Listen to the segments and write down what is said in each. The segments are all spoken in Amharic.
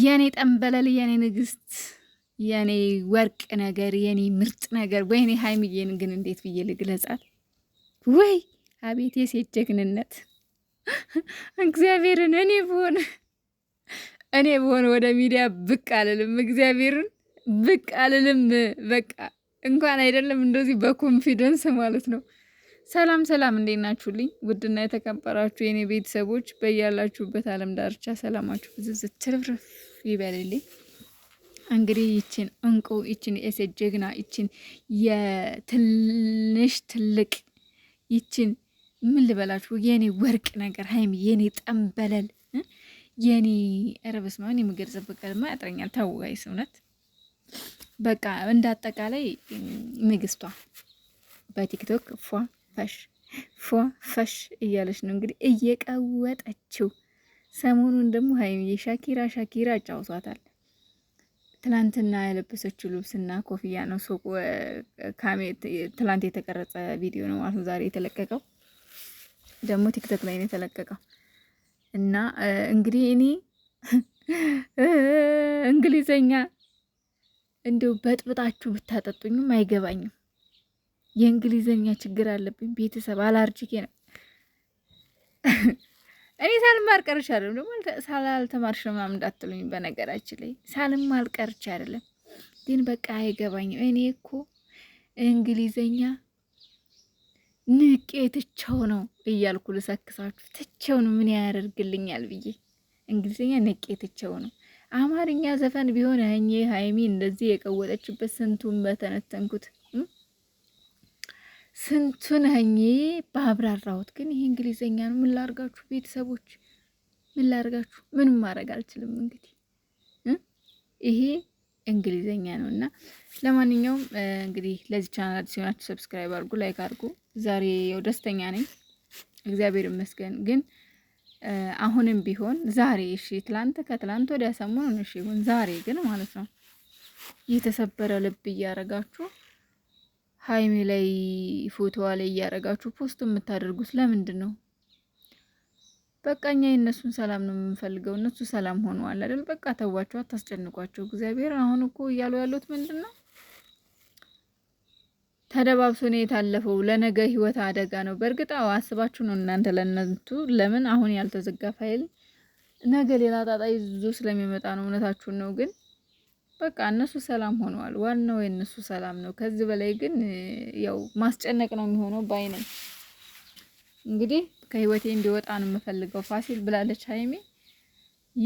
የኔ ጠንበለል፣ የኔ ንግስት፣ የኔ ወርቅ ነገር፣ የኔ ምርጥ ነገር። ወይኔ ሀይሚዬን ግን እንዴት ብዬ ልግለጻት? ወይ አቤት የሴት ጀግንነት! እግዚአብሔርን እኔ ብሆን እኔ ብሆን ወደ ሚዲያ ብቅ አልልም። እግዚአብሔርን ብቅ አልልም። በቃ እንኳን አይደለም እንደዚህ በኮንፊደንስ ማለት ነው። ሰላም ሰላም፣ እንዴት ናችሁልኝ? ውድና የተከበራችሁ የኔ ቤተሰቦች በያላችሁበት ዓለም ዳርቻ ሰላማችሁ ብዝዝት ትርፍርፍ ይበልልኝ። እንግዲህ ይችን እንቁ ይችን የሴት ጀግና ይችን የትንሽ ትልቅ ይችን ምን ልበላችሁ የኔ ወርቅ ነገር ሀይሚ የኔ ጠንበለል የኔ ረብስ ማን የምገልጽበት ቃልማ ያጥረኛል። ታውጋይስ እውነት በቃ እንደ አጠቃላይ ምግስቷ በቲክቶክ ፏ ፈሽ ፏ ፈሽ እያለች ነው እንግዲህ እየቀወጠችው ሰሞኑን ደግሞ ሀይሚዬ ሻኪራ ሻኪራ አጫውቷታል። ትላንትና የለበሰችው ልብስና ኮፍያ ነው ሱቁ ትላንት የተቀረጸ ቪዲዮ ነው ማለት ነው። ዛሬ የተለቀቀው ደግሞ ቲክቶክ ላይ ነው የተለቀቀው እና እንግዲህ እኔ እንግሊዘኛ እንዲሁ በጥብጣችሁ ብታጠጡኝም አይገባኝም። የእንግሊዘኛ ችግር አለብኝ። ቤተሰብ አላርጅኬ ነው። እኔ ሳልማር ቀርቼ አይደለም፣ ደግሞ ሳላልተማርሽ ነው ምናምን እንዳትሉኝ። በነገራችን ላይ ሳልማር ቀርቼ አይደለም፣ ግን በቃ አይገባኝም። እኔ እኮ እንግሊዘኛ ንቄ ትቸው ነው እያልኩ ልሰክሳችሁ፣ ትቸው ነው ምን ያደርግልኛል ብዬ እንግሊዝኛ ንቄ ትቸው ነው። አማርኛ ዘፈን ቢሆን እኚህ ሀይሚ እንደዚህ የቀወጠችበት ስንቱን በተነተንኩት ስንቱን ህኝ በአብራራሁት ግን ይሄ እንግሊዘኛ ነው። ምን ላርጋችሁ ቤተሰቦች፣ ምን ላርጋችሁ? ምንም ማድረግ አልችልም። እንግዲህ ይሄ እንግሊዘኛ ነው እና ለማንኛውም እንግዲህ ለዚህ ቻናል አዲስ ሆናችሁ ሰብስክራይብ አድርጉ፣ ላይክ አድርጉ። ዛሬ ያው ደስተኛ ነኝ እግዚአብሔር ይመስገን። ግን አሁንም ቢሆን ዛሬ እሺ፣ ትላንት ከትላንት ወዲያ ሰሞኑን እሺ ይሁን፣ ዛሬ ግን ማለት ነው የተሰበረ ልብ እያረጋችሁ ሀይሚ ላይ ፎቶዋ ላይ እያደረጋችሁ ፖስት የምታደርጉት ለምንድን ነው? በቃ እኛ የእነሱን ሰላም ነው የምንፈልገው። እነሱ ሰላም ሆነዋል አይደል? በቃ ተዋቸው፣ አታስጨንቋቸው። እግዚአብሔር አሁን እኮ እያሉ ያሉት ምንድን ነው? ተደባብሶ ነው የታለፈው። ለነገ ህይወት አደጋ ነው። በእርግጥ አዎ አስባችሁ ነው እናንተ ለእነቱ። ለምን አሁን ያልተዘጋ ፋይል ነገ ሌላ ጣጣ ይዞ ስለሚመጣ ነው። እውነታችሁን ነው ግን በቃ እነሱ ሰላም ሆነዋል። ዋናው የእነሱ ሰላም ነው። ከዚህ በላይ ግን ያው ማስጨነቅ ነው የሚሆነው ባይ ነኝ። እንግዲህ ከህይወቴ እንዲወጣ ነው የምፈልገው ፋሲል ብላለች ሀይሚ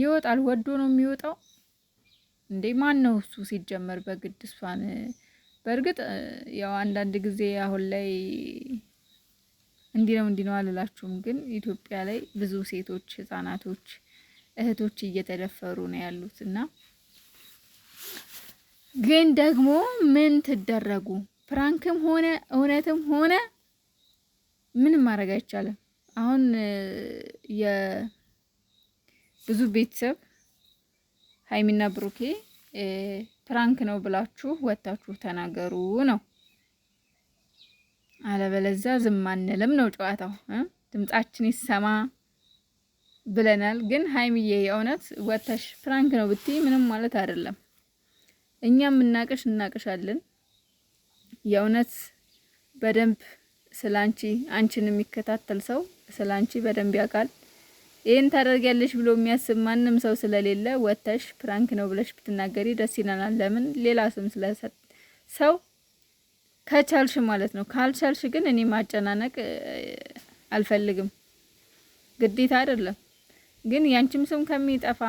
ይወጣል፣ ወዶ ነው የሚወጣው። እንዴ ማን ነው እሱ ሲጀመር በግድ እሷን። በእርግጥ ያው አንዳንድ ጊዜ አሁን ላይ እንዲህ ነው እንዲህ ነው አልላችሁም፣ ግን ኢትዮጵያ ላይ ብዙ ሴቶች፣ ህጻናቶች፣ እህቶች እየተደፈሩ ነው ያሉት እና ግን ደግሞ ምን ትደረጉ ፕራንክም ሆነ እውነትም ሆነ ምንም ማድረግ አይቻልም። አሁን የብዙ ቤተሰብ ሀይሚና ብሩኬ ፕራንክ ነው ብላችሁ ወታችሁ ተናገሩ ነው፣ አለበለዚያ ዝም አንልም ነው ጨዋታው። ድምጻችን ይሰማ ብለናል። ግን ሀይሚዬ የእውነት ወተሽ ፕራንክ ነው ብትይ ምንም ማለት አይደለም። እኛም እናቅሽ እናቅሻለን። የእውነት በደንብ ስላንቺ አንቺን የሚከታተል ሰው ስላንቺ በደንብ ያውቃል። ይህን ታደርጊያለሽ ብሎ የሚያስብ ማንም ሰው ስለሌለ ወተሽ ፕራንክ ነው ብለሽ ብትናገሪ ደስ ይለናል። ለምን ሌላ ስም ስለሰጥ ሰው ከቻልሽ ማለት ነው። ካልቻልሽ ግን እኔ ማጨናነቅ አልፈልግም፣ ግዴታ አይደለም። ግን ያንቺም ስም ከሚጠፋ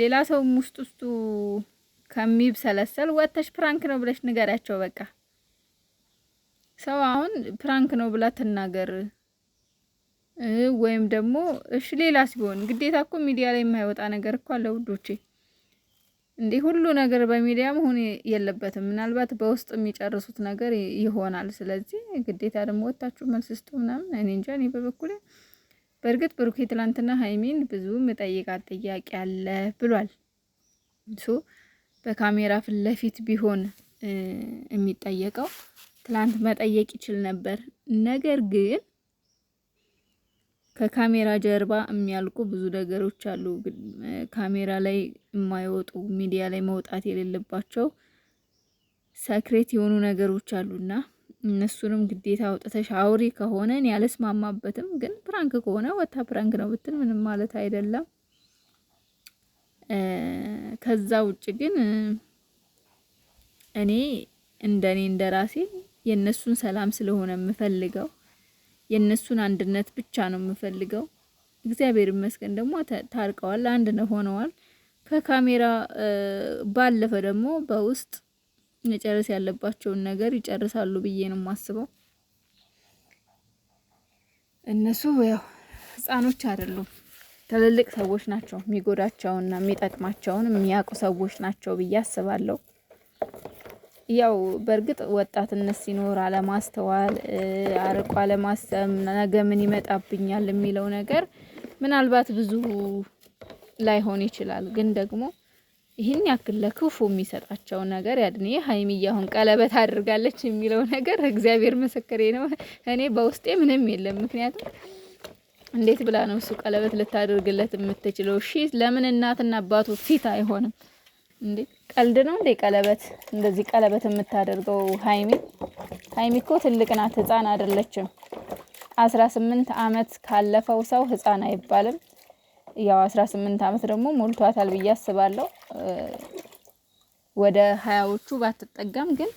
ሌላ ሰውም ውስጥ ውስጡ ከሚብሰለሰል ወጥተሽ ፕራንክ ነው ብለሽ ንገሪያቸው። በቃ ሰው አሁን ፕራንክ ነው ብላ ትናገር ወይም ደግሞ እሺ ሌላ ሲሆን ግዴታ እኮ ሚዲያ ላይ የማይወጣ ነገር እኮ አለ ውዶቼ። እንዴ ሁሉ ነገር በሚዲያ መሆን የለበትም። ምናልባት በውስጥ የሚጨርሱት ነገር ይሆናል። ስለዚህ ግዴታ ደግሞ ወታችሁ መልስ ስጡ ምናምን እኔ እንጃ እኔ በበኩሌ በእርግጥ ብሩኬ ትላንትና ሀይሚን ብዙ መጠይቃት ጥያቄ አለ ብሏል። እሱ በካሜራ ፊት ለፊት ቢሆን የሚጠየቀው ትላንት መጠየቅ ይችል ነበር። ነገር ግን ከካሜራ ጀርባ የሚያልቁ ብዙ ነገሮች አሉ። ካሜራ ላይ የማይወጡ ሚዲያ ላይ መውጣት የሌለባቸው ሰክሬት የሆኑ ነገሮች አሉና እነሱንም ግዴታ አውጥተሽ አውሪ ከሆነ እኔ አልስማማበትም። ግን ፕራንክ ከሆነ ወታ ፕራንክ ነው ብትል ምንም ማለት አይደለም። ከዛ ውጭ ግን እኔ እንደኔ ራሴ የእነሱን ሰላም ስለሆነ የምፈልገው የእነሱን አንድነት ብቻ ነው የምፈልገው። እግዚአብሔር ይመስገን ደግሞ ታርቀዋል፣ አንድ ነው ሆነዋል። ከካሜራ ባለፈ ደግሞ በውስጥ መጨረስ ያለባቸውን ነገር ይጨርሳሉ ብዬ ነው የማስበው። እነሱ ያው ህጻኖች አይደሉም፣ ትልልቅ ሰዎች ናቸው። የሚጎዳቸውና የሚጠቅማቸውን የሚያውቁ ሰዎች ናቸው ብዬ አስባለሁ። ያው በእርግጥ ወጣትነት ሲኖር አለማስተዋል፣ አርቆ አለማሰብ፣ ነገ ምን ይመጣብኛል የሚለው ነገር ምናልባት ብዙ ላይሆን ይችላል ግን ደግሞ ይህን ያክል ለክፉ የሚሰጣቸው ነገር ያድኔ። ሀይሚዬ አሁን ቀለበት አድርጋለች የሚለው ነገር እግዚአብሔር ምስክሬ ነው። እኔ በውስጤ ምንም የለም። ምክንያቱም እንዴት ብላ ነው እሱ ቀለበት ልታደርግለት የምትችለው? እሺ ለምን እናትና አባቱ ፊት አይሆንም እንዴ? ቀልድ ነው እንዴ? ቀለበት እንደዚህ ቀለበት የምታደርገው ሀይሚ ሀይሚ እኮ ትልቅ ናት፣ ህፃን አይደለችም። አስራ ስምንት አመት ካለፈው ሰው ህፃን አይባልም። ያው 18 ዓመት ደግሞ ሞልቷታል ብዬ አስባለሁ። ወደ ሀያዎቹ ባትጠጋም ግን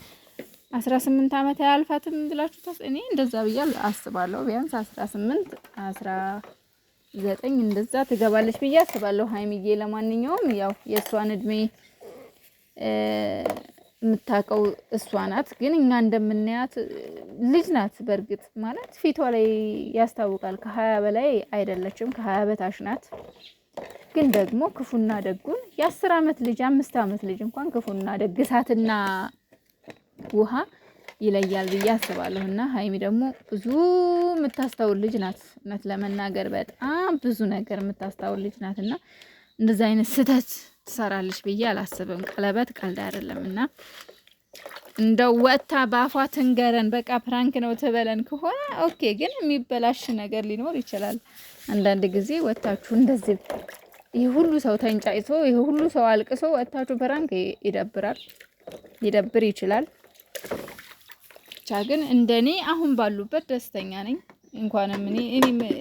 18 ዓመት አያልፋትም ብላችሁ እኔ እንደዛ ብዬ አስባለሁ። ቢያንስ 18 19 እንደዛ ትገባለች ብዬ አስባለሁ ሀይሚዬ። ለማንኛውም ያው የእሷን እድሜ የምታውቀው እሷ ናት። ግን እኛ እንደምናያት ልጅ ናት። በእርግጥ ማለት ፊቷ ላይ ያስታውቃል። ከሀያ በላይ አይደለችም፣ ከሀያ በታች ናት። ግን ደግሞ ክፉና ደጉን የአስር ዓመት ልጅ አምስት አመት ልጅ እንኳን ክፉና ደግ እሳትና ውሃ ይለያል ብዬ አስባለሁ። እና ሀይሚ ደግሞ ብዙ የምታስታውል ልጅ ናት። እውነት ለመናገር በጣም ብዙ ነገር የምታስታውል ልጅ ናት እና እንደዚ አይነት ስህተት ትሰራለች ብዬ አላስብም። ቀለበት ቀልድ አይደለም እና እንደው ወጥታ በአፏ ትንገረን በቃ ፕራንክ ነው ትበለን ከሆነ ኦኬ፣ ግን የሚበላሽ ነገር ሊኖር ይችላል። አንዳንድ ጊዜ ወጥታችሁ እንደዚህ ይህ ሁሉ ሰው ተንጫይቶ ይህ ሁሉ ሰው አልቅሶ ወጥታችሁ ፕራንክ ይደብራል፣ ሊደብር ይችላል። ብቻ ግን እንደኔ አሁን ባሉበት ደስተኛ ነኝ። እንኳንም እኔ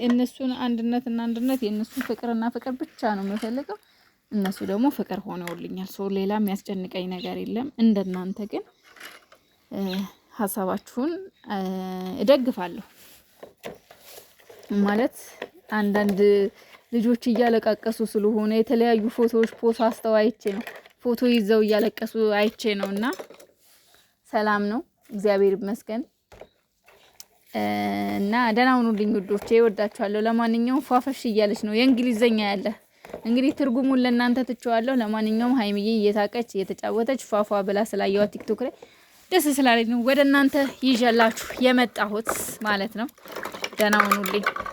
እነሱን አንድነትና አንድነት የእነሱን ፍቅርና ፍቅር ብቻ ነው የምፈልገው። እነሱ ደግሞ ፍቅር ሆነውልኛል። ሶ ሌላ የሚያስጨንቀኝ ነገር የለም። እንደናንተ ግን ሀሳባችሁን እደግፋለሁ ማለት አንዳንድ ልጆች እያለቃቀሱ ስለሆነ የተለያዩ ፎቶዎች ፖስት አስተው አይቼ ነው ፎቶ ይዘው እያለቀሱ አይቼ ነው። እና ሰላም ነው እግዚአብሔር ይመስገን። እና ደህና ሁኑልኝ ውዶቼ፣ እወዳችኋለሁ። ለማንኛውም ፏፈሽ እያለች ነው የእንግሊዘኛ ያለ እንግዲህ ትርጉሙን ለእናንተ ትችዋለሁ። ለማንኛውም ሀይሚዬ እየሳቀች እየተጫወተች ፏፏ ብላ ስላየዋ ቲክቶክ ላይ ደስ ስላለኝ ነው ወደ እናንተ ይዤላችሁ የመጣሁት ማለት ነው። ደህና ሁኑልኝ።